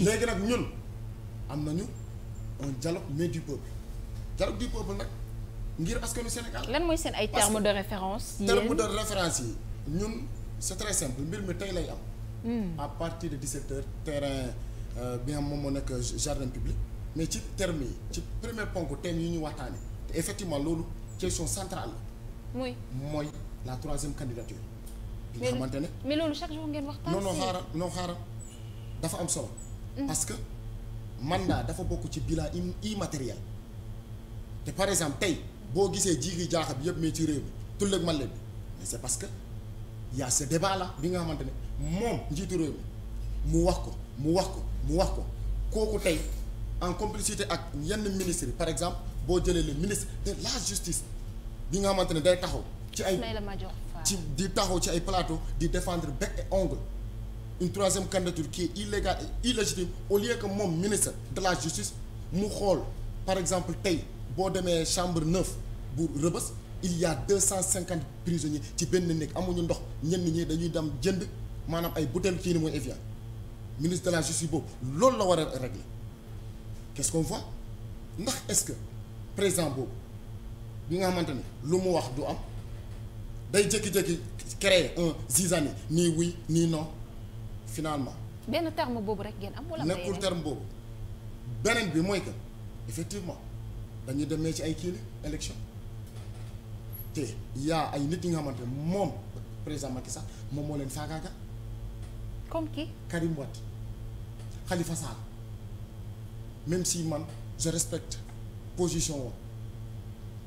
léegi nag ñun am nañu un dialogue mais du peuple dialogue du peuple nag ngir askanu Sénégal. lan mooy seen ay termes de référence. yéen termes de référence yi ñun c'est très simple mbir mi tey lay am. Hmm. à parti de 17h terrain euh, bi nga moom moo nekk jardin public mais ci termes yi ci premier ponk thème yi ñu waxtaanee te effectivement loolu question centrale la. mooy mooy la troisième candidature. bi nga xamante ne mais loolu chaque jour ngeen waxtaan. non non xaaral non xaaral dafa am solo. Mm-hmm. parce que mandat dafa bokk ci bilan immatériel te par exemple tey boo gisee jiigi jaaxa bi yëpp mais ci réew mi tullëg man leen mais c'est parce que y a ce débat bi nga xamante ne moom njiitu réew mi mu wax ko mu wax ko mu wax ko kooku tey en complicité ak yenn ministre yi par exemple boo jëlee le ministre de la justice bi nga xamante ne day taxaw ci ay ci di taxaw ci ay plateau di défendre bec et ongle une troisième candidature qui est illégale et illégitime au lieu que moom ministre de la justice mu xool par exemple tey boo demee chambre neuf bu Rebeuss il y a deux cent cinquante prisonniers ci benn néeg amuñu ndox ñenn ñi dañuy dem jënd maanaam ay butéel kii ni mooy Evian ministre de la justice boobu loolu la war a régler qu'est-ce qu'on voit ndax est-ce que par exemple boobu bi nga xamante ne lu mu wax du am day jékki-jékki créer un zizanie nii oui nii non finalement. benn terme boobu rek ngeen am. wala nekkul terme boobu. beneen bi mooy que effectivement dañuy demee ci ay kii la élection te yaa ay nit ñi nga xamante ne moom président Macky sax moom moo leen faagaaga. comme qui. Karim Wade xalifa Sall même si man je respecte position woon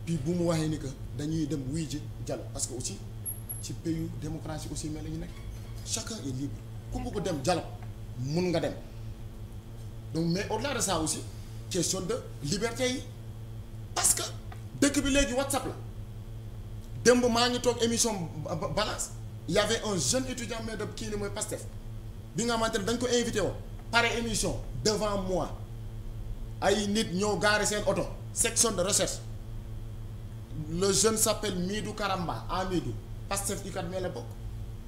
puis bu mu waxee ni que dañuy dem wuy ji dialogue parce que aussi ci pays démocratie aussi mais la ñu nekk chaque est libre. ku bugg dem dialogue mun nga dem donc mais au-delà de ça aussi question de liberté yi parce que dëkk bi léegi WhatsApp la démb maa ngi toog émission balance y avait un jeune étudiant mais de kii ni mooy Pastef bi nga xamante ne dañ ko invité woon pare émission devant moi ay nit ñëw gaari seen oto section de recherche le jeune s'appelle Midou Karamba Amidou Pastef UCAD mais la bokk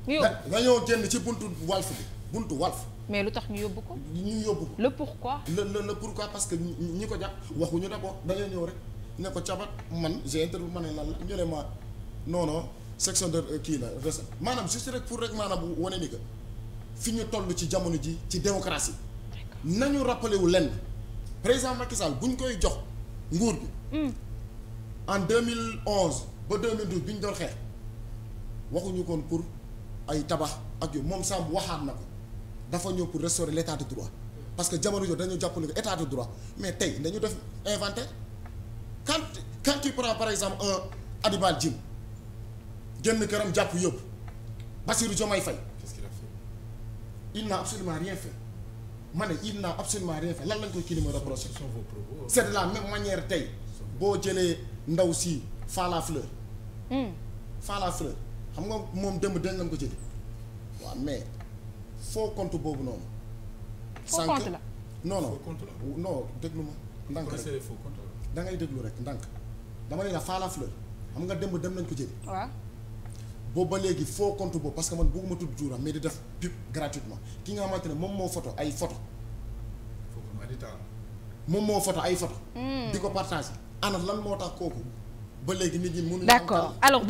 ñu yóbbu dañoo génn ci buntu Walf bi buntu Walf. mais lu tax ñu yóbbu ko. ñu yóbbu ko le pourquoi. le le le pourquoi parce que ñi ko jàpp waxuñu d'abord dañoo ñëw rek ne ko cabat man j'ai interview ma ne lan la ñu ne ma section de euh, kii la recette maanaam juste rek pour rek maanaam wane ni que fi ñu toll ci jamono ji ci démocratie. nañu rappelé wu lenn président Macky Sall bu koy jox nguur gi. Hmm. en 2011 ba 2012 bi ñu doon xeex waxuñu koon pour. ay tabax ak yooyu moom saabu waxaat na ko dafa ñëw pour restaurer l' état de droit parce que jamono jooju dañoo jàpp ne état de droit mais tey dañu def inventaire quand quand tu par exemple un Hannibal Djim génn këram jàpp yëpp Bassirou Diomaye Faye il n'a absolument rien fait ma ne il naa absolument rien lan lañ koy kilima reproché c'est de la même manière tey boo jëlee ndaw si Fala Fleur hmm. Fala Fleur xam nga moom dëmb dañ nañ ko jëli waaw mais faux compte boobu noonu. faux compte la non non non déglu ma. ndànk rek da ngay déglu rek ndànk dama ne la Falla la xam nga dëmb dem nañ ko jëli. waaw. boobu ba léegi faux compte boobu parce que man bëgguma tudd tuuram mais di def pub gratuitement ki nga xamante ne moom moo foto ay photo moom moo photo ay photo hmm. di ko partagé ana lan moo tax kooku ba léegi nit ñi mënuñu d'accord